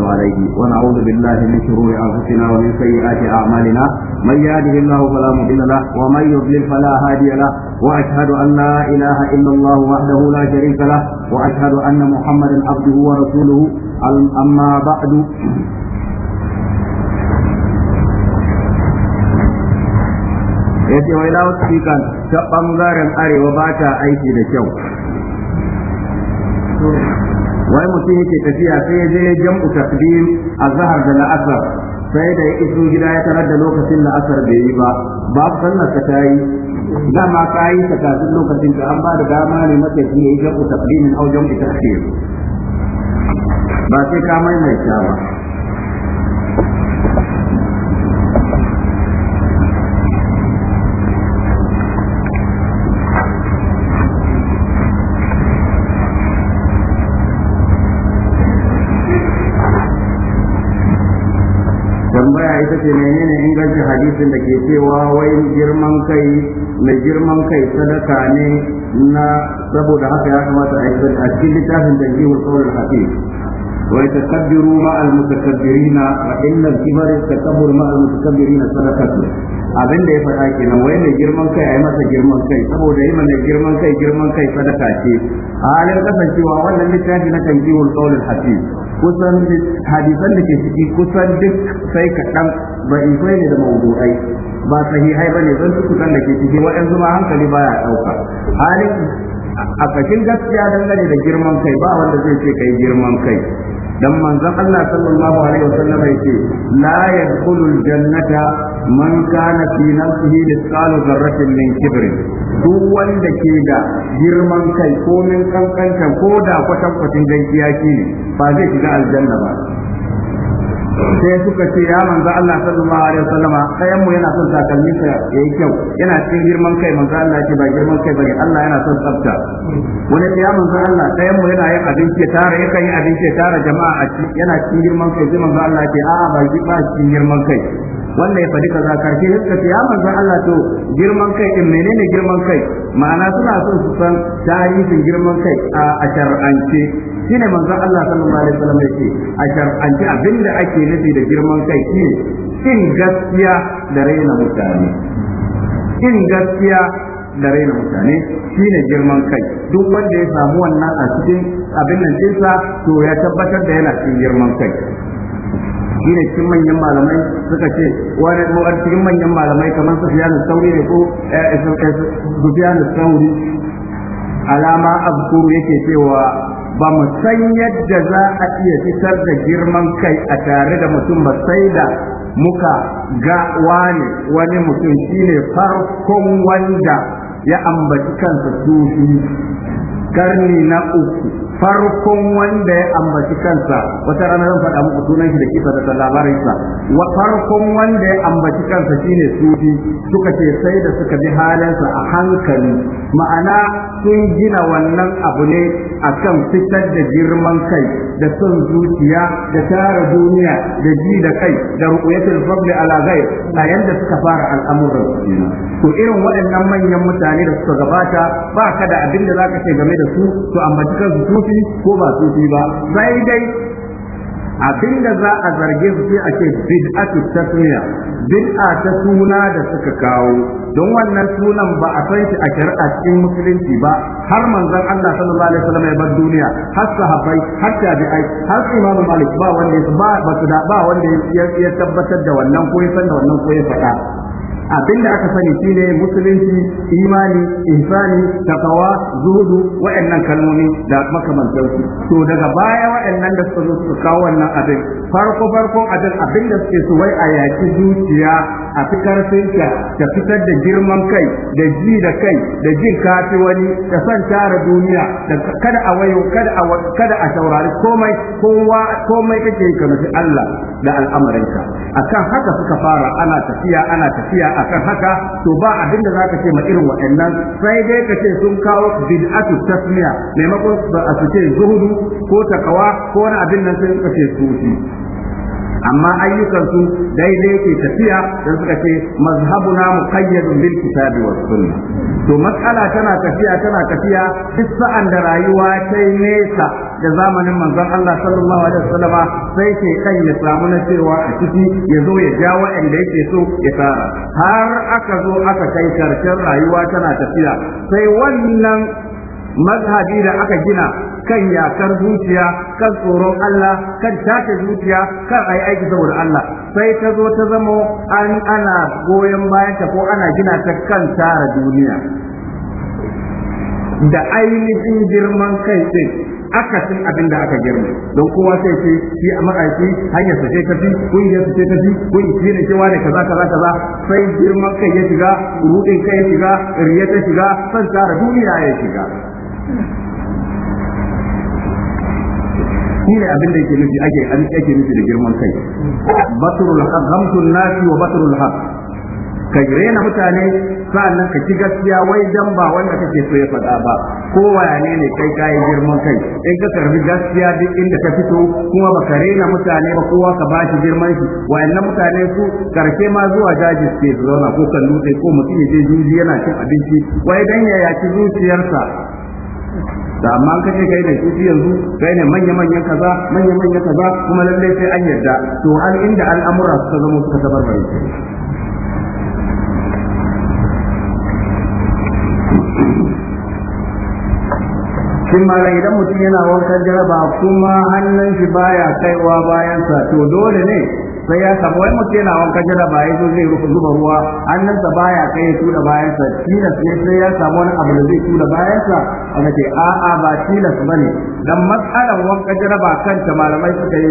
يحمل عليه ونعوذ بالله من شرور أنفسنا ومن سيئات أعمالنا من يهده الله فلا مضل له ومن يضلل فلا هادي له وأشهد أن لا إله إلا الله وحده لا شريك له وأشهد أن محمدا عبده ورسوله أما بعد yace wai loud speaker ta bangaren arewa ba ta aiki da kyau wai mutum yake tafiya sai ya je jam'u takdim azhar da la'asar sai da ya iso gida ya tarar da lokacin la'asar bai yi ba babu sallar ka tayi dama ka yi ta kafin lokacin ka an ba da dama ne matafi ya yi jam'u takdimin au jam'u takdim ba sai ka maimaita ba tambaya ita ce menene ingancin hadisin da ke cewa wai girman kai mai girman kai sadaka ne na saboda haka ya kamata a yi a cikin littafin da ke wasu wani hafi wai ta takabbiru ma almutakabbirina wa innal kibari takabbur ma almutakabbirina sadaqatu abin da ya faɗa ke nan wai mai girman kai a yi masa girman kai saboda yi mana girman kai girman kai sadaka ce a halin kasancewa wannan littafi na kan ji qawl al hafi kusan hadisan da ke ciki kusan duk sai ka kaɗan ba'ifai ne da mawdu'ai ba sahihai bane zan su kusan da ke ciki yanzu ma hankali baya ɗauka halin a kashin gaskiya dangane da girman kai ba wanda zai ce kai girman kai dan manzon Allah sallallahu alaihi wasallam yace la yadkhulul jannata man kana fi nafsihi mithqalu dharratin min kibrin duk wanda ke da girman kai ko min kankanta ko da kwatankwacin gaskiya ke ne ba zai shiga aljanna ba sai suka ce ya manzo Allah sallallahu alaihi wasallama kayan mu yana son takalmin sa yayi kyau yana cikin girman kai manzo Allah ce ba girman kai bane Allah yana son tsafta wani ya manzo Allah kayan mu yana yin abinci ya tara yakan yi abinci ya tara jama'a a cikin yana cikin girman kai sai manzo Allah ce a ba ba cikin girman kai Wanda ya faɗi kaza karshe suka ce ya manzan Allah to girman kai in menene girman kai ma'ana suna son su san tarihin girman kai a shar'ance ne manzan Allah sallallahu alaihi wasallam yake a shar'ance abinda ake nufi da girman kai ne, kin gaskiya da raina mutane kin gaskiya da raina mutane ne girman kai duk wanda ya samu wannan a cikin abin nan ɗinsa to ya tabbatar da yana cikin girman kai shine cikin manyan malamai suka ce wani ko cikin manyan malamai kamar Sufyan da sauri ne ko eh, eh, eh, Sufyan alama abkuru yake cewa ba mu san yadda za a iya fitar da girman kai a tare da mutum ba sai da muka ga wani wani mutum shine farkon wanda ya ambaci kansa sufi karni na uku farkon wanda ya ambaci kansa wata rana zan faɗa muku sunan shi da kisa da labarinsa wa farkon wanda ya ambaci kansa shine sufi suka ce sai da suka bi halinsa a hankali ma'ana sun gina wannan abu ne akan fitar da girman kai da son zuciya da tara duniya da ji da kai da ruƙuyatul fadli ala ghayr a yanda suka fara al'amuran to irin waɗannan manyan mutane da suka gabata ba ka da abin da zaka ce game da su to amma kan su sufi ko ba sufi ba sai dai abin da za a zarge su sai a ce bid'atu tasmiya bid'a ta suna da suka kawo don wannan sunan ba a san shi a shari'a cikin musulunci ba har manzon Allah sallallahu alaihi wasallam ya bar duniya har sahabbai har tabi'ai har Imam Malik ba wanda ba ba ba wanda ya tabbatar da wannan ko ya san da wannan ko ya faɗa abinda aka sani shine musulunci imani insani, takawa zuhudu wa'annan kalmomi da makamantan su to daga baya wa'annan da suka zo suka kawo wannan abin farko farkon abin da suke so wai a yaki zuciya a fi karfin ta ta fitar da girman kai da ji da kai da jin kafi wani da san tara duniya da kada a wayo kada a kada a saurari komai kowa komai kake yi kamar Allah da A akan haka suka fara ana tafiya ana tafiya akan haka to ba abin da zaka ce ma irin waɗannan sai dai ka ce sun kawo bid'atu tasmiya maimakon ba a su ce zuhudu ko takawa ko wani abin nan sai ka ce sufi amma ayyukansu daidai ke tafiya dan suka ce mazhabuna muqayyadun bil kitabi was sunna to matsala tana tafiya tana tafiya duk sa'an da rayuwa ta nesa da zamanin manzon Allah sallallahu alaihi wasallam sai ke kan ya samu na cewa a ciki ya zo ya ja waɗanda yake so ya tsara har aka zo aka kai karshen rayuwa tana tafiya sai wannan mazhabi da aka gina kan yakar zuciya kan tsoron Allah kan tace zuciya kan ayi aiki saboda Allah sai ta zo ta zama an ana goyon bayan ta ko ana gina ta kan tara duniya da ainihin girman kai din akasin abin da aka girma don kowa sai ce shi a ma'aiki hanyar su ce tafi kungiyar su ce tafi kungiyar ne cewa ne kaza kaza kaza sai girman kai ya shiga rudin kai ya shiga riyar ta shiga san tara duniya ya shiga shi ne abin da yake nufi ake an yake nufi da girman kai batrul haq ghamtun nasi wa batrul haq ka rena mutane sa'annan ka ci gaskiya wai dan ba wanda kake so ya faɗa ba ko wayane ne kai kai girman kai in ka karbi gaskiya duk inda ka fito kuma ba ka rena mutane ba kowa ka bashi girman shi wayannan mutane su karshe ma zuwa daji ke zauna ko kan dutse ko mutum ya je juji yana cin abinci wai dan ya yaki zuciyarsa da amma ka ce kai da shi yanzu kai ne manya manyan kaza manya manyan kaza kuma lalle sai an yarda to an inda al'amura suka zama suka tabarbare shin malam idan mutum yana wankan jaraba kuma hannun shi baya kaiwa bayansa to dole ne sai ya samu wai mutum yana wankan jaraba ya zo zai rufe zuba ruwa hannunsa baya kai ya tura bayansa tilas ne sai ya samu wani abu da zai tura bayansa aka ce a'a ba tilas bane dan matsalar wanka jaraba kanta malamai suka yi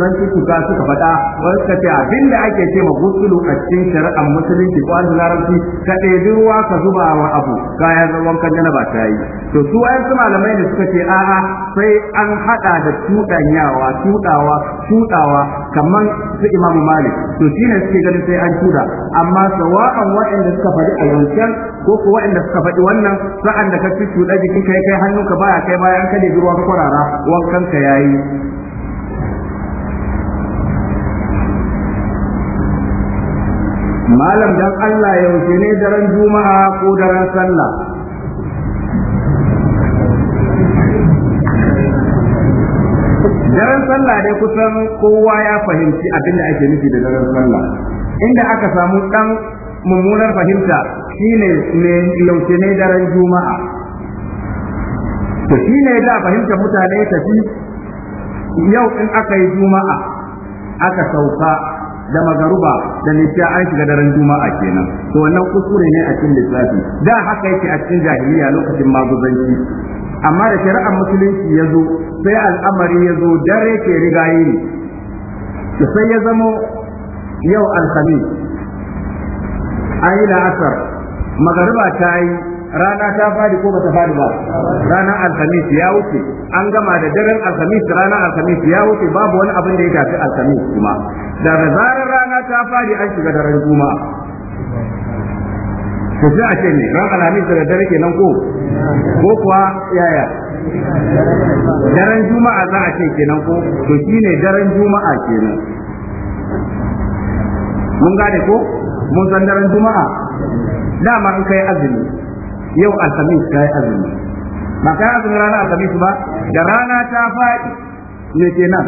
zan kuka suka faɗa wani suka ce abin da ake ce ma gusulu a cikin shari'ar musulunci ko an larabci ka ɗebi ruwa ka zuba wa abu kayan wankan jaraba ta yi to su wayansu malamai da suka ce a'a sai an haɗa da tuɗanyawa tuɗawa tuɗawa kamar su imamu malik to shine suke ganin sai an tuɗa amma sawa'an waɗanda suka faɗi a yankin ko ko waɗanda suka faɗi wannan sa'an da ka ci tuɗa in kai kai hannunka baya kai bayan ka debi ruwa ka kwarara wankan ka yayi malam dan Allah yaushe ne daren juma'a ko daren sallah daren sallah dai kusan kowa ya fahimci abin da ake nufi da daren sallah inda aka samu dan mummunar fahimta shine ne yaushe ne daren juma'a to shi ne da fahimtar mutane tafi yau in aka yi juma'a aka sauka da magaruba da nisa an shiga daren juma'a kenan to wannan kuskure ne a cikin lissafi da haka yake a cikin jahiliya lokacin maguzanci amma da shari'ar musulunci ya zo sai al'amari ya zo dare ke rigayi ne sai ya zamo yau alhamis an yi la'asar magaruba ta yi rana ta fadi ko bata fadi ba ranar alhamis ya wuce an gama da daren alhamis ranar alhamis ya wuce babu wani abin da ya shafi alhamis kuma da zarar rana ta fadi an shiga daren juma'a ko sai a ce ne ran alhamis da dare kenan ko ko kuwa yaya daren juma'a za a ce kenan ko to shine daren juma'a kenan mun gane ko mun san daren juma'a dama in kai azumi yau alhamis yi azumi ba kai azumi rana alhamis ba da rana ta faɗi ke kenan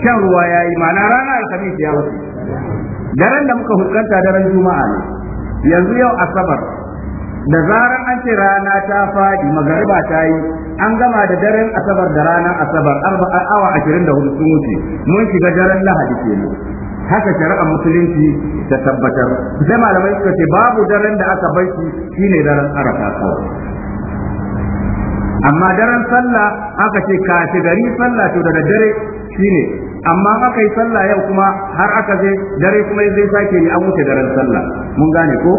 shan ruwa ya yayi ma'ana rana alhamis ya wasu. daren da muka huskanta daren juma'a ne yanzu yau asabar da zarar an ce rana ta faɗi magariba ta yi an gama da daren asabar da ranar asabar arba'a awa 24 sun wuce mun shiga daren lahadi kenan haka shari'ar musulunci ta tabbatar sai malamai suka ce babu daren da aka bai shi shine daren arafa kawai amma daren sallah aka ce kashi gari sallah to daga dare shine amma aka yi sallah yau kuma har aka je dare kuma zai sake yi an wuce daren sallah mun gane ko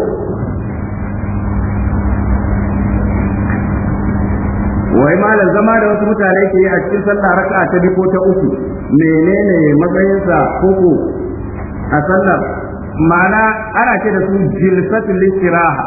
wai malam zama da wasu mutane ke yi a cikin sallah raka ta biyu ko ta uku menene matsayinsa ko a sallar ma'ana ana ce da su jilsatul istiraha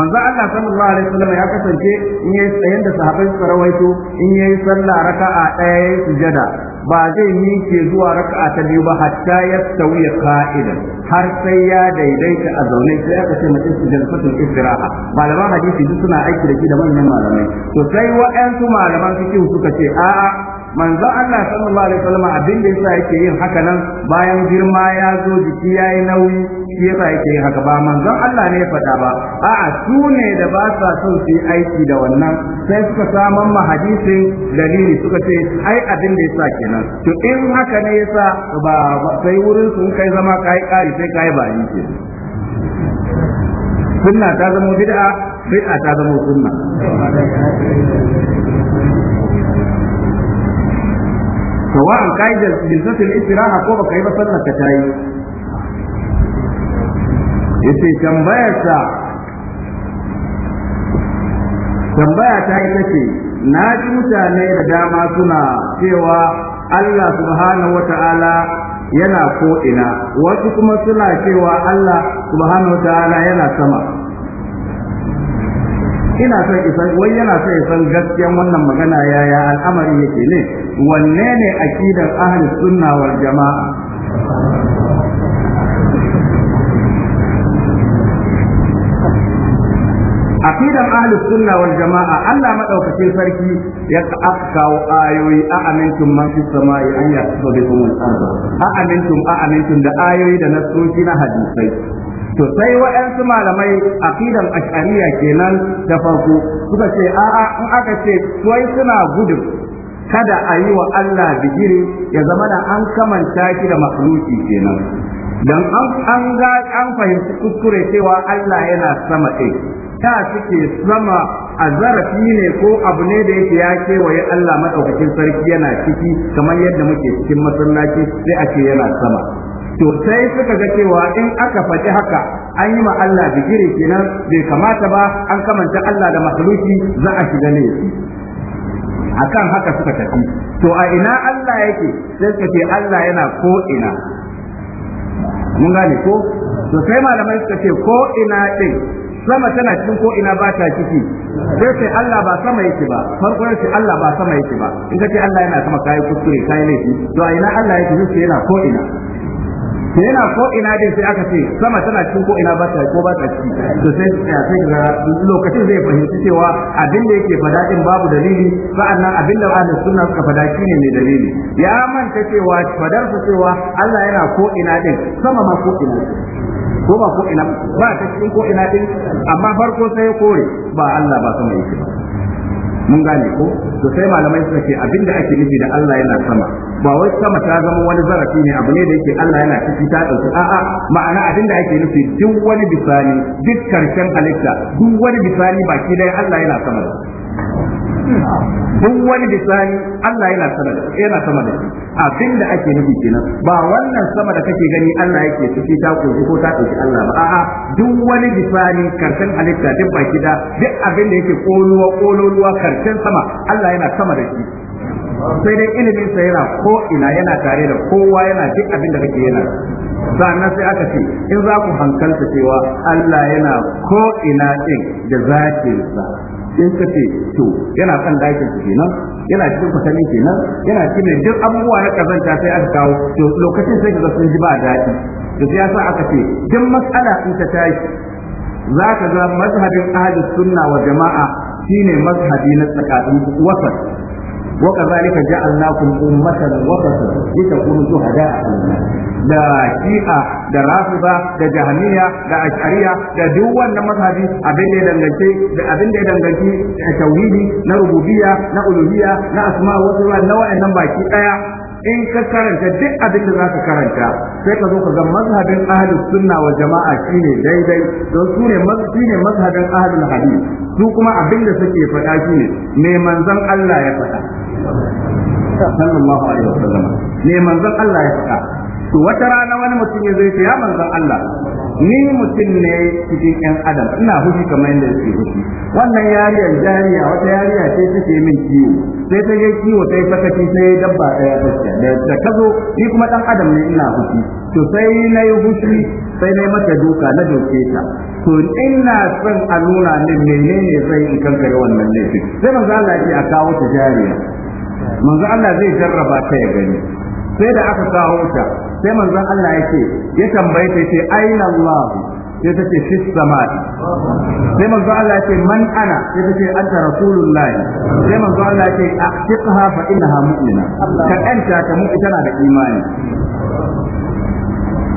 manzo Allah sallallahu alaihi wasallam ya kasance in yayi tsayen da sahabbai suka rawaito in yayi sallah raka'a ɗaya yayi sujada ba zai miƙe zuwa raka'a ta biyu ba hatta ya tsawiya qa'ida har sai ya daidaita a zaune sai aka ce mutum sujada fatul istiraha malaman hadisi duk suna aiki da shi da manyan malamai to sai wa'ansu malaman fiqh suka ce a'a manzon Allah sallallahu alaihi wasallam abin da yasa yake yin haka nan bayan girma ya zo jiki yayi nauyi shi yasa yake yin haka ba manzo Allah ne ya faɗa ba a'a su ne da ba sa son su yi aiki da wannan sai suka saman ma hadisin dalili suka ce ai abin da yasa kenan to in haka ne yasa ba sai wurin sun kai zama kai kai sai kai ba yi ke sunna ta zama bid'a bid'a ta zama sunna سواء كاي جلسة الاستراحة yi كاي بسنة كتاي yace tambayarsa tambaya ta ita ce na ji mutane da dama suna cewa Allah subhanahu yana ko'ina wasu kuma suna cewa Allah subhanahu yana sama ina son isan wai yana son isan gaskiyan wannan magana yaya al'amari yake ne wanne ne akidar ahlus sunna wal jama'a ahlus sunna wal jama'a Allah madaukakin sarki ya kawo ayoyi a amintum fi samai an yasuba bikum al-ardh a amintum a amintum da ayoyi da nasoci na hadisai to sai waɗansu malamai aqidan ash'ariya kenan da farko suka ce a'a in aka ce wai suna gudun kada a yi wa Allah bigiri ya zama da an kamanta shi da makhluki kenan dan an an fahimci kuskure cewa Allah yana sama ɗaya ta suke sama a zarafi ne ko abu ne da yake ya kewaye Allah maɗaukakin sarki yana ciki kamar yadda muke cikin masallaci sai a ce yana sama to sai suka ga cewa in aka faɗi haka an yi ma Allah digiri kenan bai kamata ba an kamanta Allah da makhluki za a shiga ne akan haka suka tafi to a ina Allah yake sai suka ce Allah yana ko ina mun gane ko to sai malamai suka ce ko ina din sama tana cikin ko ina ba ta ciki sai sai Allah ba sama yake ba farko sai Allah ba sama yake ba in ka ce Allah yana sama kai kuskure kai laifi to a ina Allah yake yake yana ko ina yana ko ina din sai aka ce sama tana cikin ko ina ba ta ko ba ta ciki to sai eh, sai ga lokacin zai fahimci cewa abin da yake fada din babu dalili sa'annan abin da ahli sunna suka fada shine mai dalili ya manta cewa fadar su cewa Allah yana ko ina din sama ma ko ina ko ba ko ina ba ta cikin ko ina din amma farko sai ya kore ba Allah ba sama yake mun gane ko to sai malamai suka ce abin da ake nufi da Allah yana sama ba wai sama ta zama wani zarafi ne abu ne da yake Allah yana ciki ta dauki a'a ma'ana abin da ake nufi duk wani bisani duk karshen halitta duk wani bisani baki dai Allah yana sama da duk wani bisani Allah yana sama da yana sama da abin da ake nufi kenan ba wannan sama da kake gani Allah yake ciki ta koyi ko ta dauki Allah ba a'a duk wani bisani karshen halitta duk baki da duk abin da yake koluwa koluwa karshen sama Allah yana sama da shi sai dai ilimin sa yana ko ina yana tare da kowa yana duk abin da kake yana sannan sai aka ce in za ku hankalta cewa Allah yana ko ina din da sa. in ka ce to yana kan dakin ku kenan yana cikin kwatanni kenan yana cikin duk abubuwa na kazanta sai aka kawo to lokacin sai ka ga sun ji ba daɗi da sai sa aka ce duk matsala in ta tashi za ka ga mazhabin ahlus sunna wa jama'a shine mazhabi na tsakanin wasat وكذلك جعلناكم أمة وسطا لتكونوا شهداء على الناس da shi'a da rafiba da jahamiya da ashariya da duk wannan mazhabi abin da ya danganci da abin da ya danganci tauhidi na rububiya na uluhiyya na asma wa sifat na wa'annan baki ɗaya. in ka karanta duk abin da ka karanta sai ka zo ka ga mazhabin ahlus sunna wal jama'a shine daidai don su ne shine mazhabin ahlul hadith su kuma abin da suke faɗa shine ne manzon Allah ya faɗa sallallahu alaihi wasallam ne manzon Allah ya faɗa to wata rana wani mutum ya zai ya manzon Allah ni mutum ne cikin ƴan adam ina hushi kamar yadda yake hushi wannan yariyar jariya wata yariya ce take min kiwo sai ta je kiwo sai sakaci sai dabba ɗaya fuska da ta zo ni kuma ɗan adam ne ina hushi to sai na yi hushi sai na yi mata duka na doke ta to ina son a nuna min menene zai in kankare wannan laifin sai manzo Allah ya ce a kawo ta jariya manzo Allah zai jarraba ta ya gani sai da aka kawo ta sai manzo Allah ya ce ya tambaye ta ce aina Allah sai ta ce fis samai sai manzo Allah ya ce man ana sai ta ce anta rasulullahi sai manzo Allah ya ce aqiqha fa innaha mu'mina ka anta ta mu tana da imani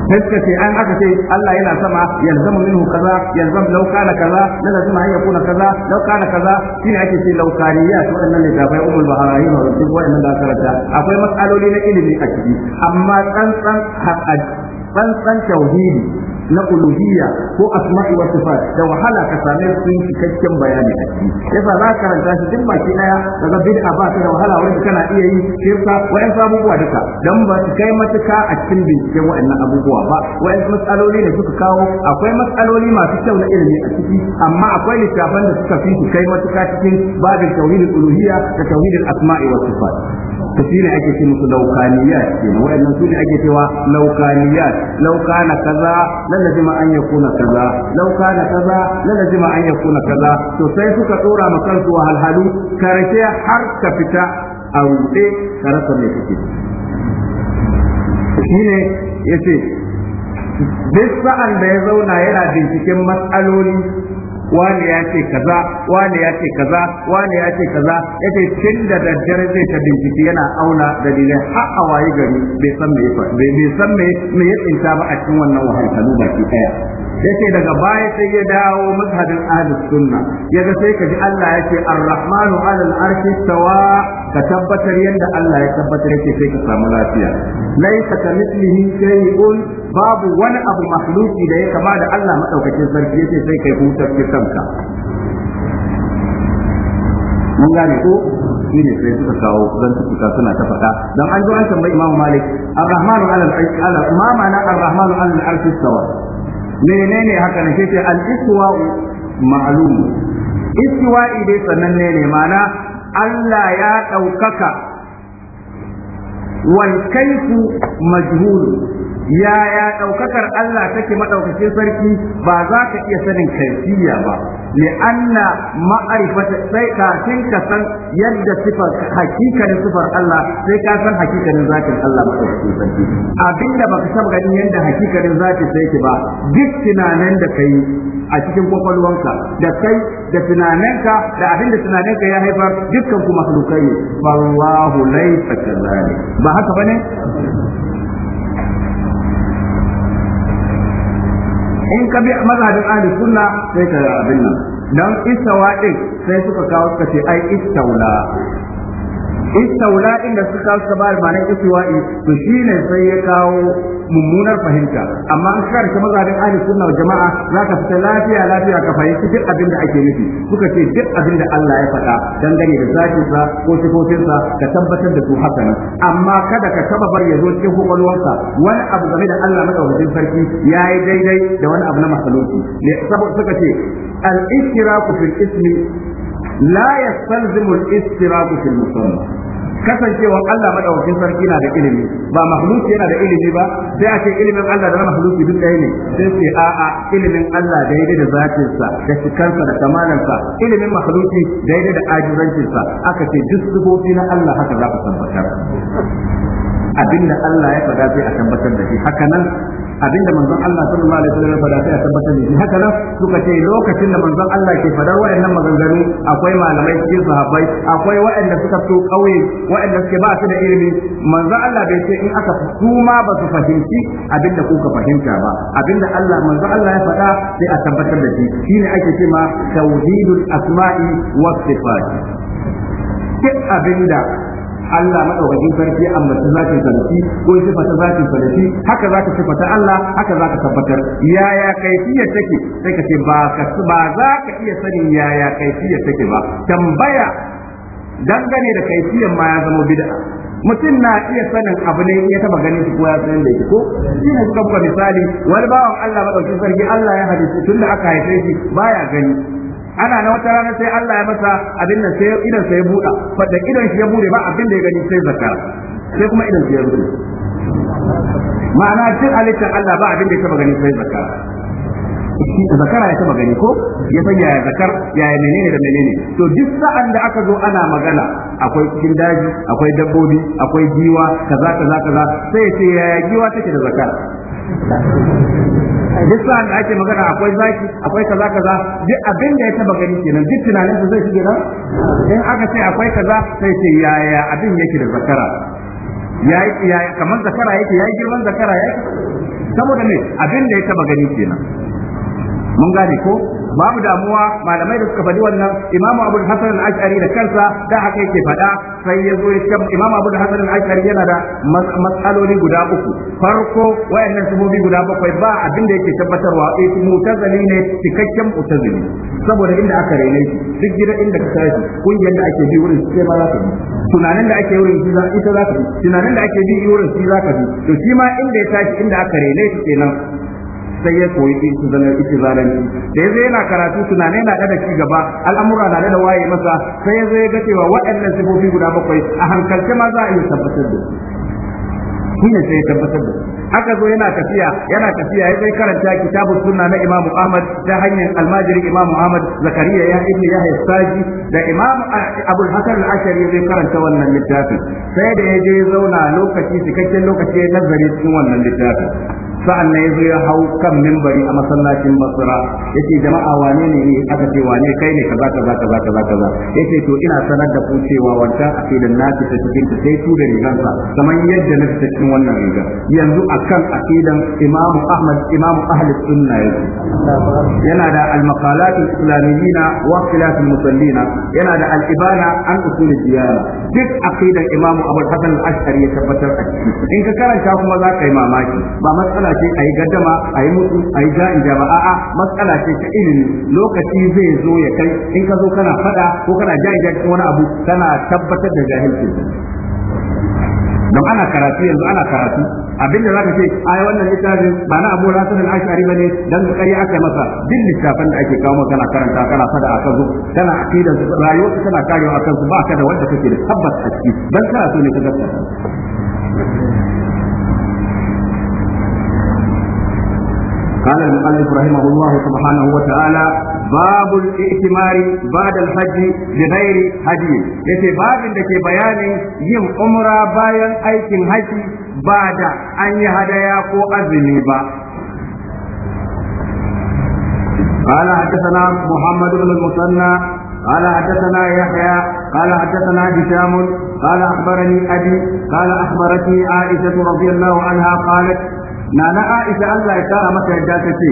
sai ce an aka ce Allah yana sama yalzamu minhu kaza yalzam law kana kaza la lazima an yakuna kaza law kana kaza shine ake ce laukaniya to wannan ne da bai umul baharahim wa duk da karanta akwai matsaloli na ilimi a ciki amma tsantsan haƙa tsantsan tauhidi na uluhiyya ko asma'i wa sifat da wahala ka same sun cikakken bayani a ciki yasa za ka karanta shi duk baki daya daga bid'a ba ta da wahala wanda kana iya yi shirka wayan abubuwa duka dan ba su kai matuka a cikin binciken waɗannan abubuwa ba wayan matsaloli da suka kawo akwai matsaloli masu kyau na ilimi a ciki amma akwai littafan da suka fi su kai matuka cikin babin tauhidul uluhiyya da tauhidul asma'i wa sifat to shine ake ce musu laukaniyat kenan wayannan su ne ake cewa laukaniyat laukana kaza lalazi ma an yakuna kaza laukana kaza lalazi ma an yakuna kaza to sai suka dora ma kansu wahalhalu karshe har ka fita a rude ka rasa kake shine yace duk sa'an da ya zauna yana binciken matsaloli wani ya ce kaza wani ya ce kaza wani ya ce kaza yace tun da daddare zai ta bincike yana auna dalilai har a wayi gari bai san me bai san me me ya tsinta ba a cikin wannan wahalhalu baki daya yace daga baya sai ya dawo mazhabin ahlus sunna yaga sai kaji Allah yace ar-rahmanu 'ala al-arshi tawa ka tabbatar yanda Allah ya tabbatar yake sai ka samu lafiya laisa ka mithlihi shay'un babu wani abu makhluki da ya kama da Allah madaukakin sarki yace sai kai hutar kanka mun gane ko shi ne sai suka kawo zan tukuta suna ta faɗa dan an zo an tambayi Imam Malik Ar-Rahmanu 'ala al-'arshi ma ma'ana Ar-Rahmanu 'ala al-'arshi tawa menene haka ne sai al-istiwa'u ma'lum istiwa'i dai sananne ne ma'ana Allah ya ɗaukaka wal kaifu majhul ya ya ɗaukakar Allah take madaukakin sarki ba za ka iya sanin kaifiya ba لأن معرفة سيكاتين سن يد صفر حقيقة صفر الله سن حقيقة ذات الله أبين بك سبق أن يند حقيقة ذات سيكا جسنا نند كي a cikin kwakwalwanka da kai da tunaninka da abin da tunaninka ya haifar dukkan ku makhlukai ne wallahu laysa ba haka bane in ka bi mazhabin ahli sunna sai ka abin nan dan istawa din sai suka kawo suka ce ai istaula istaula inda suka kawo suka bayar ma'anar istiwa'i to shine sai ya kawo mummunar fahimta amma an ka ta mazhabin ahli sunna wal jama'a zaka fita lafiya lafiya ka fahimci duk abin ake nufi suka ce duk abin da Allah ya faɗa dangane da zakin sa ko sifofin sa ka tabbatar da su haka nan amma kada ka taba bar ya zo cikin kokolwarsa wani abu game da Allah maka madaukakin sarki yayi daidai da wani abu na masaloki ne saboda suka ce al-ishtiraku fil ismi لا يستلزم al في المصنف kasancewa Allah madaukakin sarki na da ilimi ba makhluki yana da ilimi ba sai a ce ilimin Allah da na makhluki duk ɗaya ne sai ce a a ilimin Allah daidai da zatin sa da cikansa da kamalan sa ilimin makhluki daidai da ajurancin sa aka ce duk sifofi na Allah haka za ku tabbatar abinda Allah ya faɗa sai a tabbatar da shi haka nan abinda manzon Allah sallallahu alaihi wasallam ya faɗa sai a tabbatar da shi haka nan suka ce lokacin da manzon Allah ke faɗar waɗannan maganganu akwai malamai cikin sahabbai akwai waɗanda suka fito ƙauye waɗanda suke ba su da ilimi manzon Allah bai ce in aka su ma ba su fahimci abin da kuka fahimta ba abinda Allah manzon Allah ya faɗa sai a tabbatar da shi shine ake cewa tauhidul asma'i was sifat duk abinda Allah madaukakin sarki ambaci zakin sarki ko sifata zakin sarki haka zaka sifata Allah haka zaka tabbatar yaya kaifiyar take sai ka ce ba ka za iya sanin yaya kaifiyar take ba tambaya dangane da kaifiyar ma ya zama bid'a mutum na iya sanin abu ne ya taba ganin shi ko ya san da yake ko shi ne suka misali wani bawan Allah madaukakin sarki Allah ya hadisi tunda aka haife shi baya gani ana na wata rana sai Allah ya masa abin nan sai idan sai ya buɗa fadda idan shi ya bude ba abin da ya gani sai zakka sai kuma idan sai ya bude ma'ana cin halittar Allah ba abin da ya taba gani sai zakara zakara ya taba gani ko ya san yaya zakar yaya menene da menene to duk sa'an da aka zo ana magana akwai cikin daji akwai dabbobi akwai giwa kaza kaza kaza sai ce yaya giwa take da zakara duk sa'an da ake magana akwai zaki akwai kaza kaza duk abin da ya taba gani kenan duk tunanin sa zai shige nan in aka ce akwai kaza sai ce yaya abin yake da zakara yayi yayi kamar zakara yake yayi girman zakara yake saboda me abin da ya taba gani kenan mun gane ko babu damuwa malamai da suka faɗi wannan imamu abu da hasarar ashari da kansa da haka yake faɗa sai ya zo ya imamu abu da hasarar ashari yana da matsaloli guda uku farko wayannan sufofi guda bakwai ba abin da yake tabbatarwa eh mutazali ne cikakken mutazali saboda inda aka rene shi duk gida inda ka tashi kungiyar da ake bi wurin su sai ma za ka bi tunanin da ake wurin shi za ita za ka bi tunanin da ake bi wurin shi za ka bi to shi ma inda ya tashi inda aka rene shi kenan sai ya koyi su ikizalanci da yazo yana karatu tunani na da ci gaba al'amura na da waye masa sai yanzu ya ga cewa waɗannan sifofi guda bakwai a hankalce ma za a iya tabbatar da shi ne sai ya tabbatar da Haka zo yana tafiya yana tafiya ya sai karanta kitabun sunna na Imam Ahmad ta hanyar almajiri Imam Ahmad Zakariya ya ibn Yahya Saji da Imam Abdul Hasan al-Ashari zai karanta wannan littafin sai da ya je zauna lokaci cikakken lokaci ya nazari cikin wannan littafin sa'an yazo ya hau kan mimbari a masallacin basra yace jama'a wane ne ne aka ce wane kai ne kaza kaza kaza kaza kaza yace to ina sanar da ku cewa wancan akidan nasu ta cikin ta sai da rigansa kamar yadda na ta cikin wannan riga yanzu akan akidan imamu ahmad imamu ahli sunna yake yana da al-maqalat islamiyina wa khilaf musallina yana da al-ibana an usul diyana duk akidan imamu abul hasan al-ashari ya tabbatar a ciki in ka karanta kuma za ka yi mamaki ba matsala ce a yi gaddama a yi mutu a yi ja'in jama'a a'a matsala ce ta ilimi lokaci zai zo ya kai in ka zo kana fada ko kana ja'in jaba wani abu tana tabbatar da jahilci don ana karatu yanzu ana karatu abinda za ka ce yi wannan littafin ba na abu rasul al-ashari ne dan kare aka masa bin littafin da ake kawo kana karanta kana fada a Tana kana aqidar su rayuwar tana karewa a su ba ka da wanda kake da tabbas a ciki don kana karatu ne ka gaskata قال المؤلف رحمه الله سبحانه وتعالى باب الائتمار بعد الحج بغير هدي يتي باب da ke bayanin yin umra bayan aikin haji ba da an yi hadaya ko azumi ba قال حدثنا محمد بن المثنى قال حدثنا يحيى قال حدثنا هشام قال اخبرني ابي قال اخبرتني عائشه رضي الله عنها قالت nana Aisha Allah ya kara mata yadda ta ce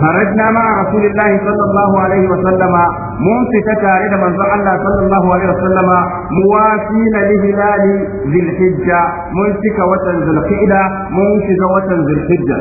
kharajna ma'a rasulillahi sallallahu alaihi wa sallama mun fita tare da manzon Allah sallallahu alaihi wa sallama muwafina li hilali hijja, mun cika watan dhulqa'da mun fita watan dhulhijja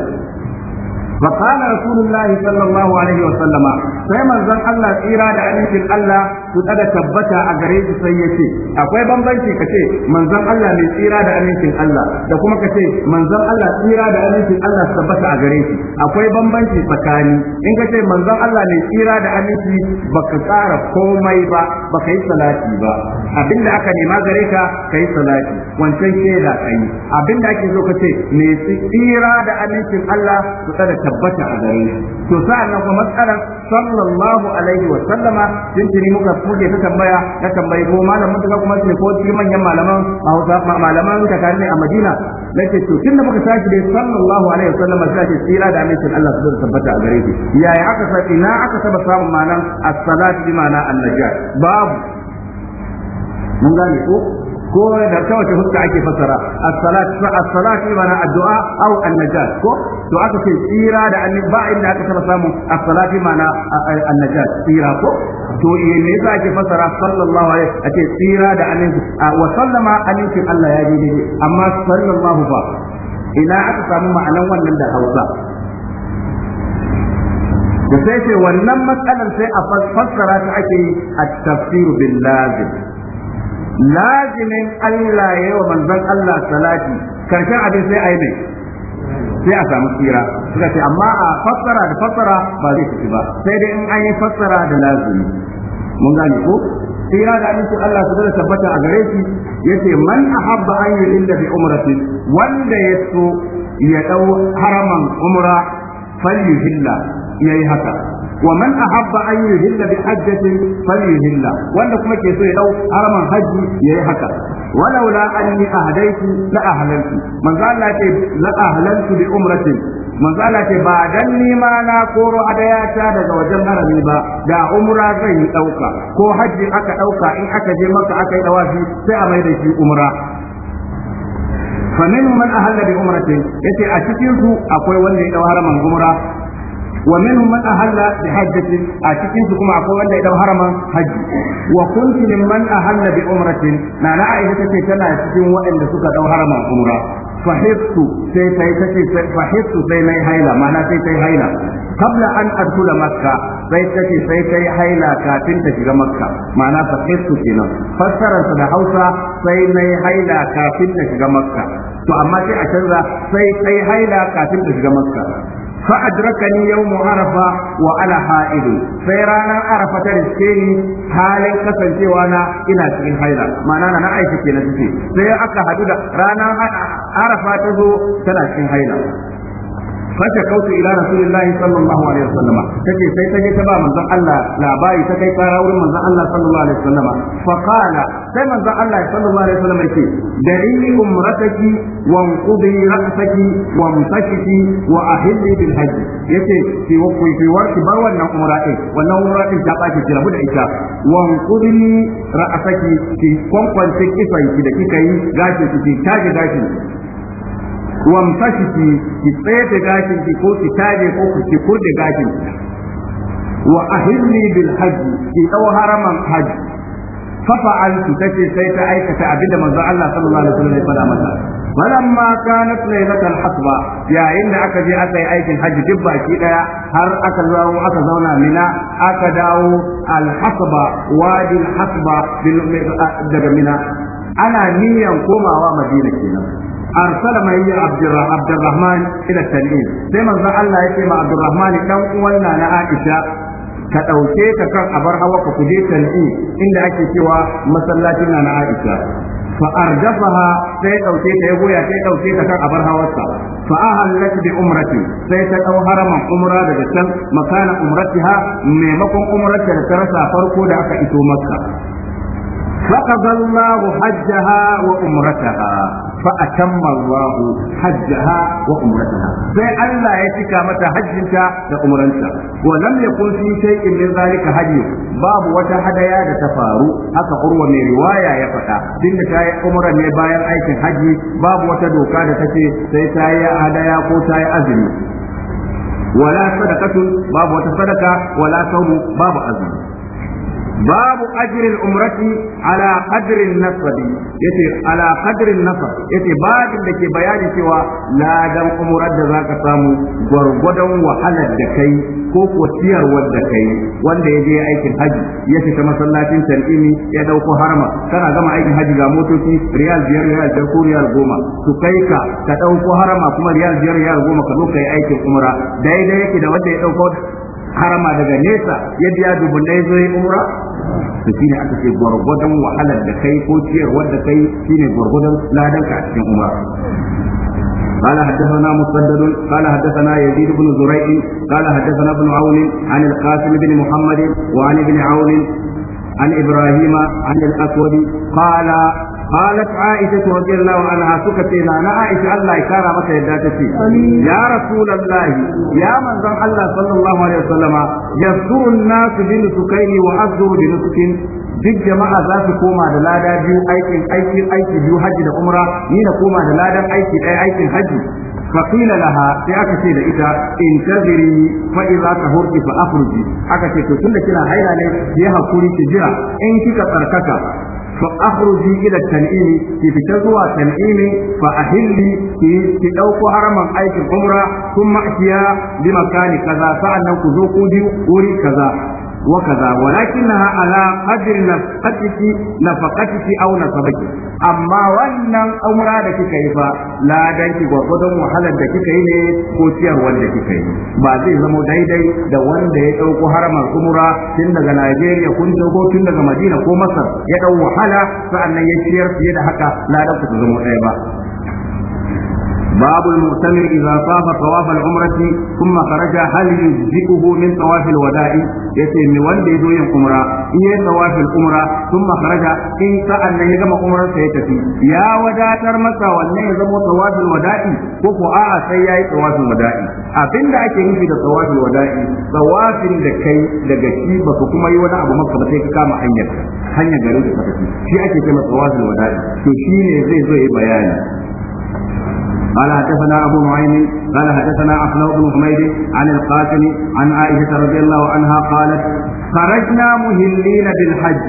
فقال رسول الله صلى الله عليه وسلم فيما زن الله tsira da amincin Allah su tsada tabbata a gare su sai ya ce akwai bambanci ka ce manzon Allah mai tsira da amincin Allah da kuma ka ce manzon Allah tsira da amincin Allah su tabbata a gare shi akwai bambanci tsakani in ka ce manzon Allah mai tsira da aminci baka tsara komai ba ba ka yi salati ba abinda aka nema gare ka yi salati wancan shaida kai abinda ake so ka ce me tsira da amincin Allah su tsada tabbata a gare shi to nan kuma matsalar sallallahu alaihi wa sallama din muka muke ta tambaya ta tambayi ko malam mun ga kuma ce ko shi manyan malaman a Hausa malaman ta kare ne a Madina nace to tunda muka tashi dai sallallahu alaihi wa sallama sai ce tsira da amincin Allah su tsada tabbata a gare shi yaya aka sa ina aka saba samun ma'anar as salati bi ma'ana an-najat babu mun gane ko ko da ta wace fuska ake fassara as-salat fa as-salat ma'ana addu'a aw an-najat ko to aka ce tsira da annabi ba inda aka taba samu as-salat ma'ana an-najat tsira ko to eh me yasa ake fassara sallallahu alaihi ake tsira da annabi wa sallama alaihi Allah ya ji dai amma sallallahu fa ina aka samu ma'anan wannan da Hausa da sai ce wannan matsalar sai a fassara ta ake a tafsiru bin lazim lazimin Allah ya yi wa manzon Allah salati karshen abin sai a yi mai sai a samu tsira suka ce amma a fassara da fassara ba zai tafi ba sai dai in an yi fassara da lazimi mun gane ko tsira da amincin Allah su zai tabbata a gare shi ya ce, man habba an inda bi umarci wanda ya so ya ɗau haraman umra ya yi haka Wa man ahabba habba ayyuhu Hilla biyar ajjatin wanda kuma ke so ya dau haraman Hajji ya yi haka. Walauna an yi a hadaici na a halartu, maza laƙe za a halartu bi umarni, ba dan ni na koro adayata daga wajen harami ba, da umra zai ɗauka, ko Hajji aka ɗauka in aka je maka aka yi da sai a mai da shi umra. Fannin wani a halarci umarni ya ce a cikin tu akwai wanda ya yi dau umra. wa minhum man ahalla bi hajjatin a cikin su kuma akwai wanda idan haraman haji wa kuntu mimman ahalla bi umratin na na a aisha tace tana cikin waɗanda suka dau haraman umra fahibtu sai sai tace fahibtu sai nayi haila ma'ana sai sai haila qabla an adkhula makka sai tace sai sai haila kafin ta shiga makka ma'ana fahibtu kenan fassara da Hausa sai nayi haila kafin ta shiga makka to amma sai a canza sai sai haila kafin ta shiga makka fadrakkani yau muharafa wa ana ha ido sai ranar arafa ta daskeni halin kasancewa na ina cikin haila manana na aikake na suce sai aka hadu da ranar arafa ta zo tana cikin haila fashe kautu ila rasulillahi sallallahu alaihi wasallama tace sai ta je ta ba manzon Allah labari ta kai fara wurin manzon Allah sallallahu alaihi wasallama fa qala sai manzon Allah sallallahu alaihi wasallama yace dari umrataki wa anqudi ra'saki wa mutashiki wa ahilli bil hajj yace ki wa ku ki warki ba wannan umra din wannan umra din ta baki ki rabu da ita wa anqudi ra'saki ki kwankwance kifai ki da kika yi gashi ki ta tage gashi wamfashi ki ki tsaye da gashin ki ko ki tare ko ki kurde gashin wa ahilli bil hajj ki dau haraman hajj fafa an ki take sai ta aikata abin da manzo Allah sallallahu alaihi wasallam ya fada mata na kanat laylatul hasba ya inda aka je aka yi aikin hajj duk baki daya har aka zo aka zauna mina aka dawo al hasba wadi al bil mina ana niyan komawa madina kenan arsala mai yi abdurrahman ila tan'in sai manzon Allah ya ce ma abdurrahman dan uwan na Aisha ka ɗauke ka kan abar hawa ka kuje tan'i inda ake cewa masallacin na Aisha fa ardafaha sai ɗauke ta ya goya sai ɗauke ta kan abar hawarsa fa ahallat bi umrati sai ta ɗau haraman umra daga can makana umratiha maimakon umrarta da ta rasa farko da aka iso makka فقضى الله حجها وعمرتها فأتم الله حجها وعمرتها سي ألا يتكى متى حجك وعمرتها ولم يكن في شيء من ذلك هدي باب وتحديا تفارو حتى قروة من رواية يفتا دين تاي عمر نبايا أيك حجي باب وتدوكا تتي سي تاي هدايا كو تاي أزمي ولا صدقة باب وتصدقة ولا صوم باب أزمي babu ajrin umrati ala qadrin nasabi yace ala qadrin nasab yace babin da ke bayani cewa ladan umrar da za ka samu gwargwadon wahalar da kai ko kociyar wanda kai wanda ya je aikin haji ya fita masallacin tan'imi ya ɗauko harma tana gama aikin haji ga motoci riyal biyar riyal biyar ko riyal goma su kai ka ka dauko harma kuma riyal biyar riyal goma ka zo kai aikin umra daidai yake da wanda ya dauko harama daga nesa ya biya dubunnai zo yi umra to aka ce gwargwadon wahalar da kai ko ciyar da kai shine gwargwadon ladanka a cikin umra قال حدثنا مسدد قال حدثنا يزيد بن زريع قال حدثنا ابن عون عن القاسم بن محمد وعن ابن عون عن ابراهيم عن الاسود قال قالت عائشة رضي الله عنها سكتنا أنا عائشة الله كان متى يداتتي يا رسول الله يا من ذا الله صلى الله عليه وسلم يذكر الناس بنسكين وأذكر بنسك duk jama'a za su koma da lada biyu aikin aiki aiki biyu haji da umra ni na koma da ladan aiki ɗaya aikin hajji. فقيل لها sai aka ce da ita intaziri fa idza tahurti fa akhruji aka ce to tunda kina haila ne ki hakuri ki jira in kika tsarkaka فأخرجي إلى التنعيم في تزوى تنعيم فأهلي في دوك حرما أيك عمرة ثم أتيا بمكان كذا فأنا كذوق وري كذا وكذا ولكنها على قدر نفقتك نفقتك أو نصبك أما وأن أمرا da kika yi fa ladan ki gwargwadon wahalar da kika yi ne ko ciyarwar da kika yi ba zai zama daidai da wanda ya ɗauko haramar umra tun daga Najeriya kun ɗauko tun daga Madina ko Masar ya ɗau wahala sa'annan ya ciyar fiye da haka ladan ku zama ɗaya ba باب المؤتمر إذا طاف طواف العمرة ثم خرج هل يجزئه من طواف الوداع يتي من وند يزوي العمرة إيه طواف العمرة ثم خرج إن سأل أن يجمع عمرة سيتفي يا ودا ترمسا وأن يزم طواف الوداع كفو آآ سيئي طواف الوداع أبين دعك ينفي طواف الوداع طواف لكي لكي بسكما يودا أبو مكة بسيك كاما حنيك hanyar garin da suka fi shi ake kema tsawazin wada'i to shi ne zai zo yi قال حدثنا أبو نعيم قال حدثنا أخلاق بن حميد عن القاسم عن عائشة رضي الله عنها قالت خرجنا مهلين بالحج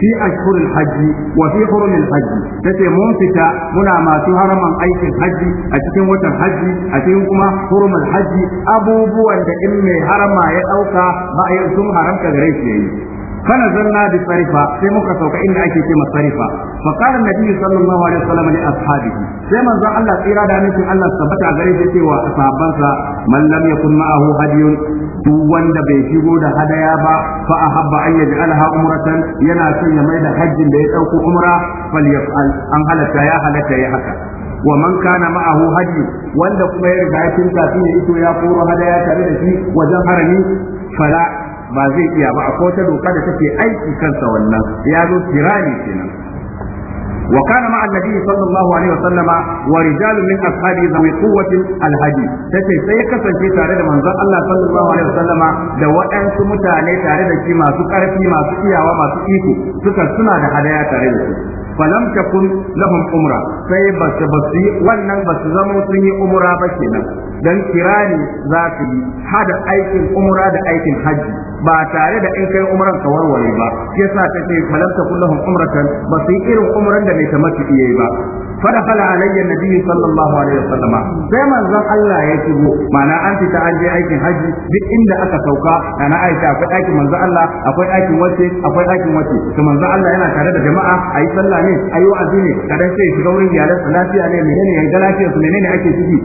في أشهر الحج وفي حرم الحج تتي منفتا منا ما تهرم من أيك الحج أتكين وتا الحج أتكين كما حرم الحج أبو بوان دا إمي هرم ما يأوكا ما يأتون هرم كغريش يأيه فنزلنا بصرفة في مكة وكأن أكي كما صرفة فقال النبي صلى الله عليه وسلم لأصحابه سيما زع الله إرادة مثل الله ثبت غريبة وأصحابها من لم يكن معه هدي duwan da bai shigo da hadaya ba fa ahabba an yaj'alha umratan yana son ya maida hajjin da ya dauko umra fal yaf'al an halatta ya halarta ya haka wa man kana ma'ahu hadi wanda kuma ya riga ya tinta ya ito ya koro hadaya tare da shi wajen harami fala ba zai iya ba a ta doka da take aiki kansa wannan ya zo kirani kenan وكان مع النبي صلى الله عليه وسلم ورجال من اصحابه ذوي قوه الهدي تتي sai kasance tare da manzon Allah sallallahu alaihi wasallama da waɗansu mutane tare da shi masu ƙarfi masu iyawa masu iko suka suna da hadaya tare da su falam takun lahum umra sai basu basu wannan basu zama sun yi umra ba kenan dan kirani za su yi hada aikin umra da aikin hajji ba tare da in kai umran ka warware ba yasa ta ce malam kullahum umratan ba su yi irin umran da mai tamattu iya ba fadakhala alayya nabiyyi sallallahu alaihi wasallama sai manzon Allah ya shigo ma'ana an fita an je aikin haji duk inda aka sauka ana Aisha akwai aikin manzon Allah akwai aikin wace akwai aikin wace to manzon Allah yana tare da jama'a ayi sallah ne ayi wa'azi ne kada sai shiga wurin yaran lafiya ne menene ya ga lafiyarsu menene ake ciki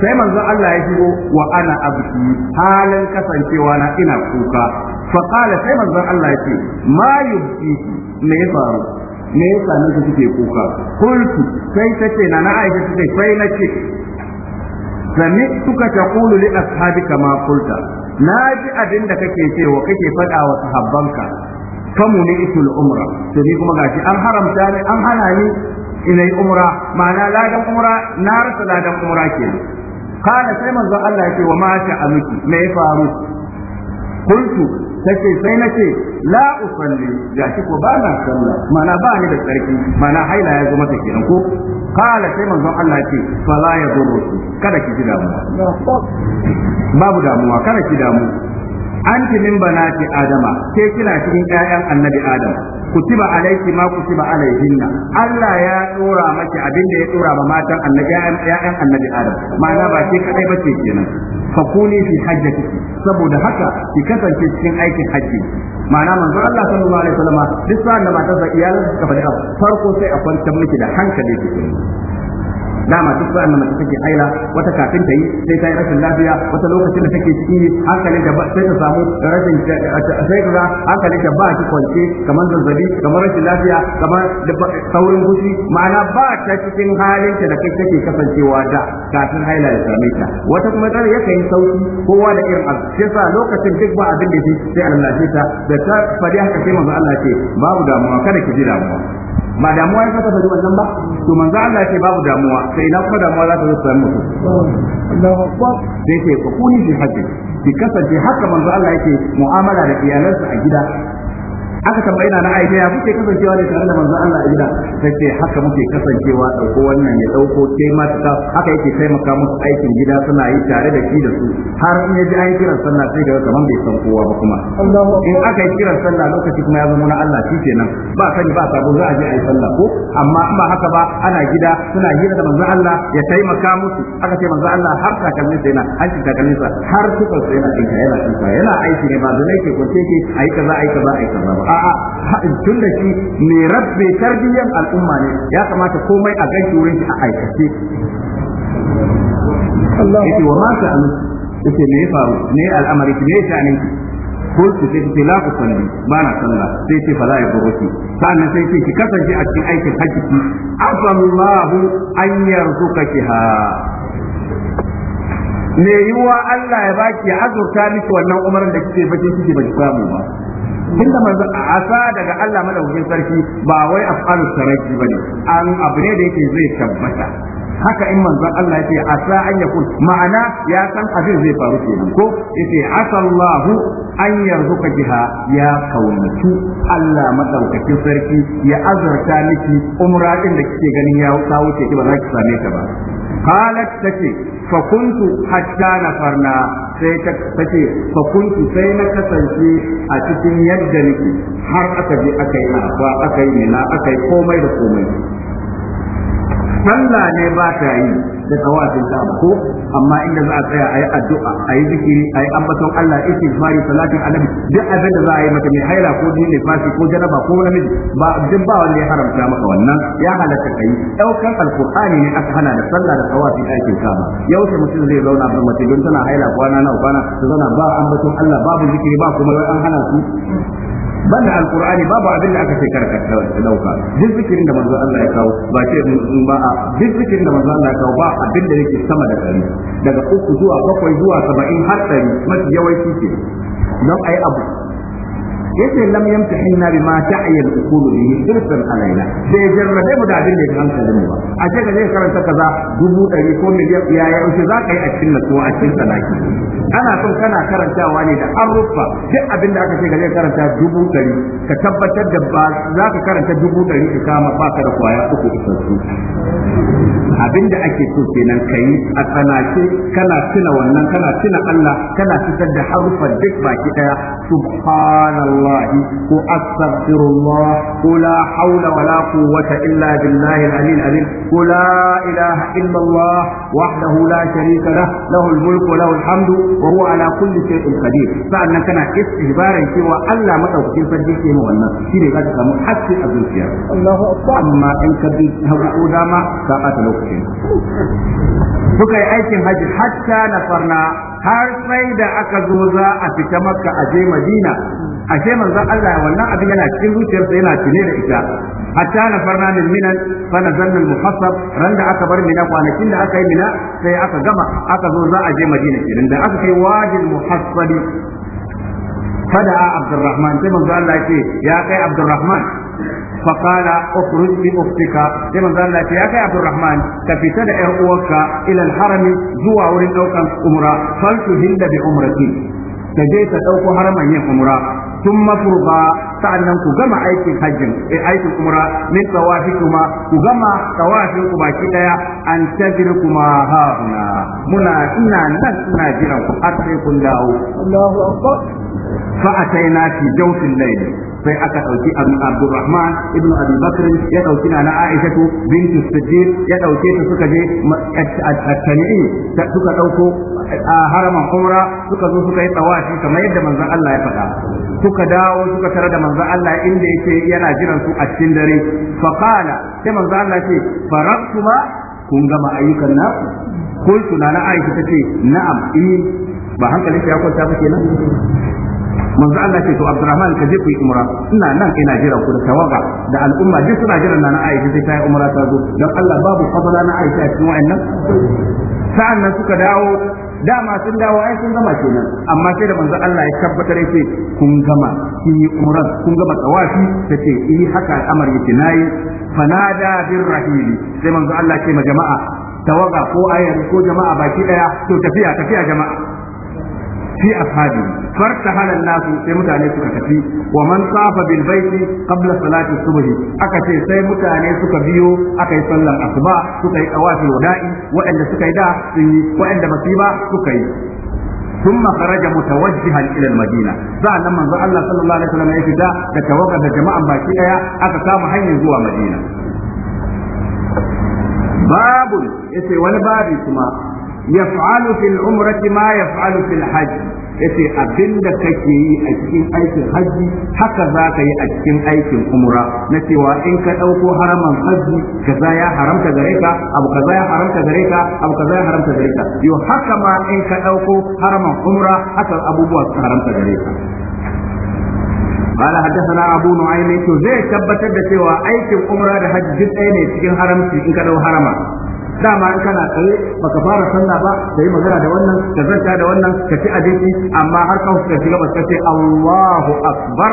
sai manzon Allah ya shigo wa ana abki halin kasancewa na ina kuka fa qala sai manzon Allah ya ce ma yubkiki me ya faru me ya ka kike kuka kultu sai tace na na aisha tace sai na ce ta ta li ashabika ma kulta. na ji abin da kake cewa kake faɗa wa sahabbanka kamu ne itul umra to ni kuma gashi an haramta ni an hana ni ina umra ma'ana ladan umra na rasa ladan umra kenan kana sai manzo Allah yake wa ma ta'aluki me ya faru kuntu take sai nace la usalli ga shi ko ba na sallah mana ba ni da tsarki mana haila ya zo mata kenan ko kala sai manzon Allah ce fa la yadurru kada ki ji damuwa babu damuwa kada ki damu anti min banati adama ke kina cikin 'ya'yan annabi adam kutiba alayki ma kutiba alayhinna Allah ya dora maki abinda ya dora ba matan annabi ƴaƴan annabi adam ma'ana ba ke kadai ce kenan fa kuni fi hajjatiki saboda haka ki kasance cikin aikin hajji ma'ana manzo Allah sallallahu alaihi wasallam duk sa'an da matarsa iyalansa suka faɗi farko sai a kwantar miki da hankali ki dama duk sa'an da mace take aila wata kafin ta yi sai ta yi rashin lafiya wata lokacin da take ciki hankalin da sai ta samu rashin sai ta hankalin da ba ki kwance kamar zazzabi kamar rashin lafiya kamar saurin gushi ma'ana ba ta cikin halin ta da kai take kasancewa da kafin haila ya same ta wata kuma tsare yake yi sauki kowa da irin abu sai sa lokacin duk ba abin da sai Allah ta da ta fadi haka sai manzo Allah ce babu damuwa kada ki ji damuwa ba damuwa ya kasa bari wannan ba to manzo Allah ce babu damuwa sai ina kuma damuwa za ta zo sai mutum Allahu akbar sai ce ku kuni fi hajji ki kasance haka manzo Allah yake mu'amala da iyalansa a gida aka tambayi na aisha ya kuke kasancewa da tare da manzo Allah a gida sai ce haka muke kasancewa dauko wannan ya dauko ma ta, haka yake taimaka musu aikin gida suna yi tare da shi da su har in yaji an kira sallah sai ga kaman bai san kowa ba kuma in aka yi kiran sallah lokaci kuma ya zama na Allah shi kenan ba sani ba sabo za a je a yi sallah ko amma in ba haka ba ana gida suna hira da manzo Allah ya taimaka musu aka ce manzo Allah har kalme sai na an ci kalme sa har tukar sai na yana yana aiki ne ba zai ke kwance ke ayi kaza ayi kaza ayi kaza a'a tun da shi mai rabbe tarbiyyar al'umma ne ya kamata komai a ganki wurin shi a aikace yake wa ma sa'an yake me faru ne al'amari ne ya sha'anin ki ko ki ce ki la ku salli ba na sallah sai ce fa la ya buruki sannan sai ce ki kasance a cikin aikin hajji ki afallahu an yarzuqakiha me yiwuwa Allah ya baki ya azurta miki wannan umarin da kike bakin kike baki samu ba Tunda da manzo asa daga Allah madaukakin sarki ba wai afalu sarki bane an abu ne da yake zai tabbata haka in manzon Allah ce asa an yakun ma'ana ya san abin zai faru ke ko yace asallahu an yarzuka biha ya kaunatu Allah madaukakin sarki ya azurta miki umra din da kike ganin ya wuce ki ba za ki same ta ba قالت تكي فكنت na farna sai ta ce fa kuntu sai na kasance a cikin yadda nake har aka je aka yi na aka yi na aka yi komai da komai sallah ne ba ta yi da tsawafin ta ko amma inda za a tsaya ayi addu'a ayi zikiri ayi ambaton Allah istighfari salatin alam duk abin da za a yi maka mai haila ko dini ne fasi ko janaba ko namiji ba duk ba wanda ya haramta maka wannan ya halatta kai daukan alkur'ani ne aka hana da sallah da tsawafin aikin kama yau sai mutum zai zauna a mace don tana haila kwana na kwana ta zauna ba ambaton Allah babu zikiri ba kuma an hana su Ban da alqur'ani babu abin da aka ce kar ka dauka duk zikirin da manzo Allah ya kawo ba ce ba a duk zikirin da manzo Allah ya kawo ba abin da yake sama da kari daga uku zuwa bakwai zuwa saba'in har ɗari mafi yawanci ke don ai abu yace lam yamtahinna bima ta'ya qulu uqul bihi alaina sai jarrabe mu da abin da ya hankalin mu ba a ce ka karanta kaza dubu ɗari ko miliyan ya ya yaushe za ka yi a cikin nasuwa a cikin tsanaki ana son kana karantawa ne da arufa duk abin da aka ce ka zai karanta dubu ɗari ka tabbatar da ba za ka karanta dubu ɗari ka kama ba ka da kwaya uku isassu abin da ake so kenan kayi a tsanace kana tuna wannan kana tuna Allah kana fitar da haruffan duk baki daya subhanallah ko astaghfirullah ko la haula wala quwwata illa billahi al-aliyyil ko la ilaha illa Allah wahdahu la sharika lah lahu al-mulku wa lahu al-hamdu wa huwa ala kulli shay'in qadir sa'annan kana istihbarin cewa Allah madaukakin sarki ke mu wannan shine zaka samu haske a zuciya Allahu akbar amma in ka bi dama ka ɓata lokacin suka yi aikin hajji hatta na farna har sai da aka zo za a fita maka a je madina a ashe manzon Allah wannan abin yana cikin zuciyarsa yana tune da ita hatta na farna min minan fa na al-muhassab ran da aka bar mina kwanakin da aka yi mina sai aka gama aka zo za a je madina kenan da aka kai wajin muhassabi fada'a abdurrahman sai manzo Allah ya ya kai abdurrahman فقال اخرج باختك كما قال لك يا عبد الرحمن كفتد اروك الى الحرم زوا ورين دوكان عمره فلتهند بعمرتي تجيت دوكو حرما ين عمره ثم فرضا sa'annan ku gama aikin hajjin aikin umra min tawafi kuma ku gama tawafin ku baki ɗaya, an tabir kuma hauna ina nan ina jiran ku har kun dawo fi sai aka ɗauki Abdulrahman, ibn Abi Bakr ya ɗauki na Aisha bintu Siddiq ya ɗauke ta suka je at-Tani'in suka ɗauko a haraman Umra suka zo suka yi tawafi kamar yadda manzon Allah ya faɗa suka dawo suka tare da manzon Allah inda yake yana jiran su a cikin dare fa qala sai manzon Allah ce faraktuma kun gama ayyukan na kultu na Aisha tace na'am in eh. ba hankalin ya kwanta ba kenan manzo Allah ce to Abdurrahman ka je ku yi umra ina nan ina jira ku da tawaga da al'umma duk suna jiran na Aisha sai ta yi umra ta zo dan Allah babu fadala na Aisha a cikin wa'annan sa'an nan suka dawo dama sun dawo ai sun gama kenan amma sai da manzo Allah ya tabbatar yake kun gama kun yi umra kun gama tawafi tace eh haka al'amari yake nayi fanada birrahili sai manzo Allah ce ma jama'a tawaga ko ayar ko jama'a baki daya to tafiya tafiya jama'a fi ashabi ta halan nasu sai mutane suka tafi wa man safa bil baiti qabla salati subh aka ce sai mutane suka biyo aka yi sallar asuba suka yi tawafi wada'i waɗanda suka yi da sun yi waɗanda ba su yi ba suka yi ثم خرج متوجها الى المدينه بعد من الله صلى الله عليه وسلم يفدا da tawaga da jama'an baki daya aka kama hanyar zuwa madina babu yace wani babu kuma yaf'alu fil umrati ma yaf'alu fil hajj yace abinda kake yi a cikin aikin haji haka za ka yi a cikin aikin umra na cewa in ka ɗauko haraman haji kaza ya haramta gare ka abu kaza ya haramta gare ka abu kaza ya haramta gare ka yo haka ma in ka ɗauko haraman umra haka abubuwa su haramta gare ka قال حدثنا ابو نعيم تو زي tabbatar da cewa aikin umra da hajji duk ɗaya ne cikin haramci in ka dau harama dama in kana tsaye baka fara sallah ba da yi magana da wannan da zanta da wannan ka ci abinci amma har ka shiga ce Allahu akbar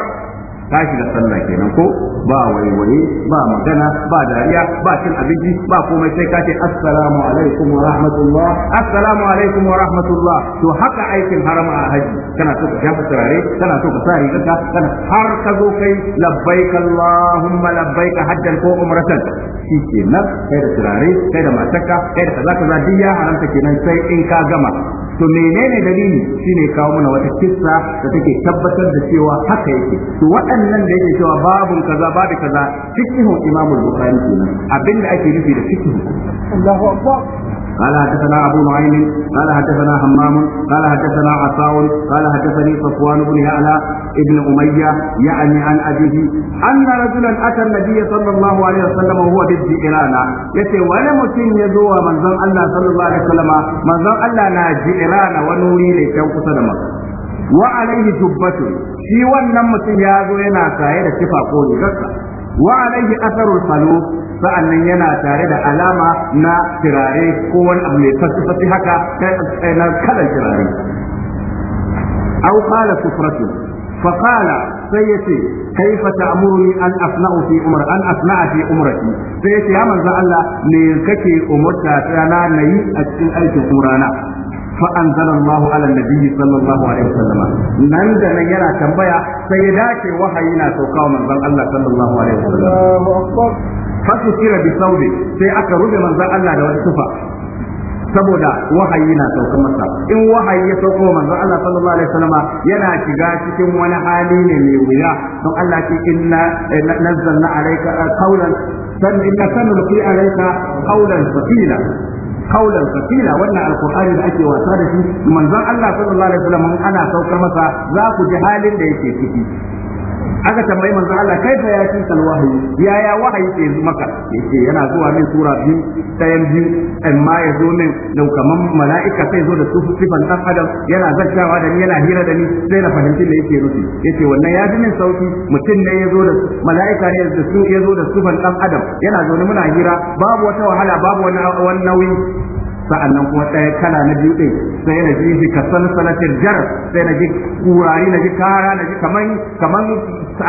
ka shiga sallah kenan ko ba waiwaye ba magana ba dariya ba cin abinci ba komai sai ka ce assalamu alaikum wa rahmatullah assalamu alaikum wa rahmatullah to haka aikin harama a haji kana so ka shafa turare kana so ka sa rigarka kana har ka zo kai labbaik allahumma labbaik hajjan ko umratan shi kenan kai da turare kai da matarka kai da kaza kaza duk ya haramta kenan sai in ka gama to menene dalili shine kawo mana wata kissa da take tabbatar da cewa haka yake to waɗannan da yake cewa babu kaza babu kaza fiqhu imamul bukhari kenan abinda ake nufi da fiqhu Allahu akbar قال حدثنا أبو نعيم قال حدثنا همام قال حدثنا عطاء قال حدثني صفوان بن يعلى ابن أمية يعني عن أبيه أن رجلا أتى النبي صلى الله عليه وسلم وهو بالجئران يتي ولا متين يزوى من ظن الله صلى الله عليه وسلم من ظن الله لا جئران ونوري لكوكس دمك wa alaihi jubbatu shi wannan mutum ya zo yana saye da kifa ko rigarsa wa alaihi asarul qalub sa'annan yana tare da alama na tirare ko wani abu mai fasifasi haka kai eh, eh, na kalan tirare aw qala sufratu Fafala sai sayyati kaifa ta'muruni an asna'u fi an asna'a fi umrati sai ya manzo Allah ne kake umurta ta na nayi a cikin aikin umrana fa anzalallahu ala nabiyyi sallallahu alaihi wasallam nan da nan yana tambaya sai ya dace wahayi na sauka wa manzon Allah sallallahu alaihi wasallam fasu kira bi saudi sai aka rufe manzon Allah da wani tufa saboda wahayi na sauka masa in wahayi ya sauka wa manzon Allah sallallahu alaihi wasallam yana shiga cikin wani hali ne mai wuya don Allah ce inna eh, nazzalna alayka eh, qawlan san inna sanulqi alayka qawlan thaqila kaulan sakila wannan alkur'ani da ake wasa da shi manzon Allah sallallahu alaihi wasallam ana saukar masa za ku ji halin da yake ciki aka tambayi manzo Allah kai fa ya salwahi wahayi yaya wahayi ke zuwa maka yace yana zuwa min sura biyu ɗayan biyu amma ya zo min daukaman mala'ika sai zo da sufufan dan adam yana zartawa da ni yana hira da ni sai na fahimci me yake nufi yace wannan ya ji min sauki mutum ne ya zo da mala'ika ne da su ya zo da sufan dan adam yana zaune muna hira babu wata wahala babu wani nauyi sa'annan kuma ɗaya kala na biyu ɗin sai na ji shi kasan sanatar jar sai na ji kurari na ji kara na ji kaman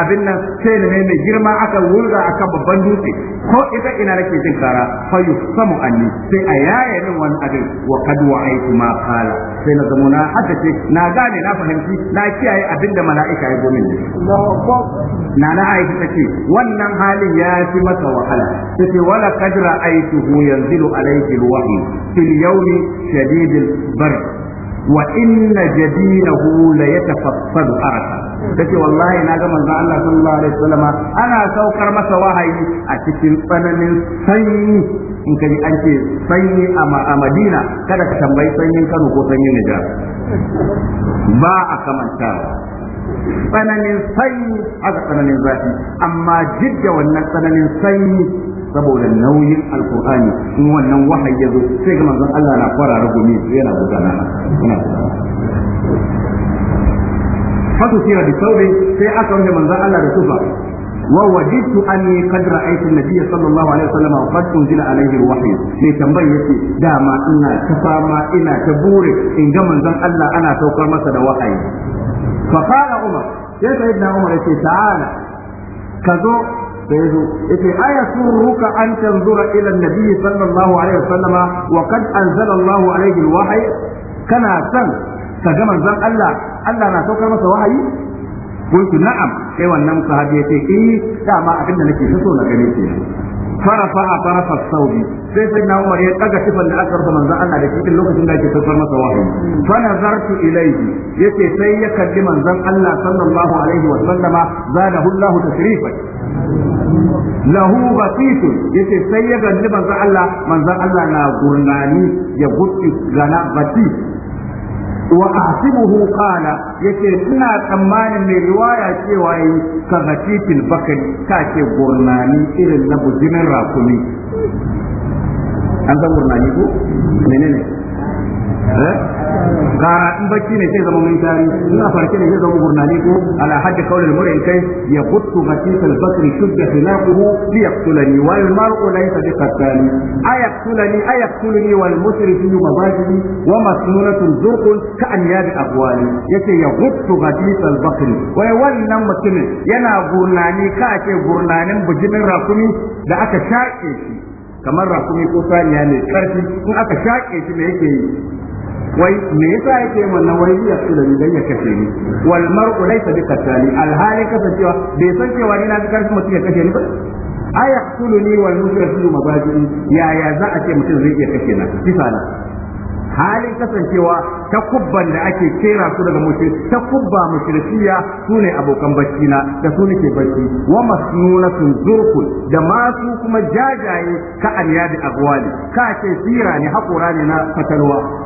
abin nan sai na mai girma aka wurga akan babban dutse ko ita ina nake jin kara fa yusamu anni sai a yaya min wani abin wa qad wa'aytu ma qala sai na zamo na haddace na gane na fahimci na kiyaye abin da mala'ika ya gomin na na aiki tace wannan halin ya fi masa wahala tace wala qad ra'aytuhu yanzilu alayhi alwahyi fil yawmi shadidil barr wa inna jadinahu la yatafassadu arqa take wallahi na ga manzon Allah sallallahu alaihi wasallam ana saukar masa wahayi a cikin tsananin sanyi in ka ji an ce sanyi a Madina kada ka tambayi sanyin Kano ko sanyin Nijar ba a kamanta tsananin sanyi haka tsananin zafi amma jidda wannan tsananin sanyi saboda nauyin alkur'ani in wannan wahayi ya zo sai ga manzon Allah na kwarara gumi yana gudana fasu sira da saurin sai aka rufe manzon Allah da tufa wa wajidtu anni qad ra'aytu an-nabiy sallallahu alaihi wasallam wa qad unzila alaihi al-wahy sai tambaye yace dama ina ta fama ina ta bure in ga manzon Allah ana saukar masa da wahayi fa qala umar sai sayyidina umar yace ta'ala kazo sai yazo yace ayasurruka an tanzura ila an-nabiy sallallahu alaihi wa alaihi kana san ka ga manzon Allah Allah na saukar masa wahayi kuntu na'am sai wannan sahabi ya ce eh dama abinda nake so na gane ke farafa a farafa saudi sai sai na umar ya daga tifan da aka rufe manzon Allah da cikin lokacin da yake saukar masa wahayi fa nazartu ilayhi yace sai ya kalli manzon Allah sallallahu alaihi wa sallama zadahu Allah tashrifan lahu basitu yace sai ya kalli manzon Allah manzon Allah na gurnani ya gutti gana basitu wa ahsibuhu qala yace ina tsammanin mai riwaya cewa yi ka gatitil bakari ka gurnani irin na bujimin rakumi an san gurnani ko menene Eh? gara in bacci ne sai zama mun tari in a farke ne sai zama gurnani ko ala hajji kaulil murin kai ya guttu ghatisal basri shudda khilaquhu li yaqtulani wal mar'u laysa bi qattali ayaqtulani ayaqtulni wal musrifu mabashiri wa masnunatun zurqun ka an yadi aqwali yace ya guttu ghatisal basri wai wannan mutumin yana gurnani ka ce gurnanin bijimin rakumi da aka shaƙe shi kamar rakumi ko saniya mai karfi in aka shaƙe shi me yake yi wai me yasa yake wannan wai ya tsira ni dan ya kashe ni wal mar'u laysa bi qatali al hali kasancewa bai san cewa ni na fi mutum ya kashe ni ba ay yaqtuluni wal mushrikun mabadi ya ya za a ce mutum zai iya kashe na kisa halin kasancewa ta kubban da ake kera su daga mutum ta kubba mushrikiya su ne abokan bacci na da su nake bacci wa masnunatun zurfun da masu kuma jajaye ka anyadi agwali ka ce sira ne hakora ne na fatalwa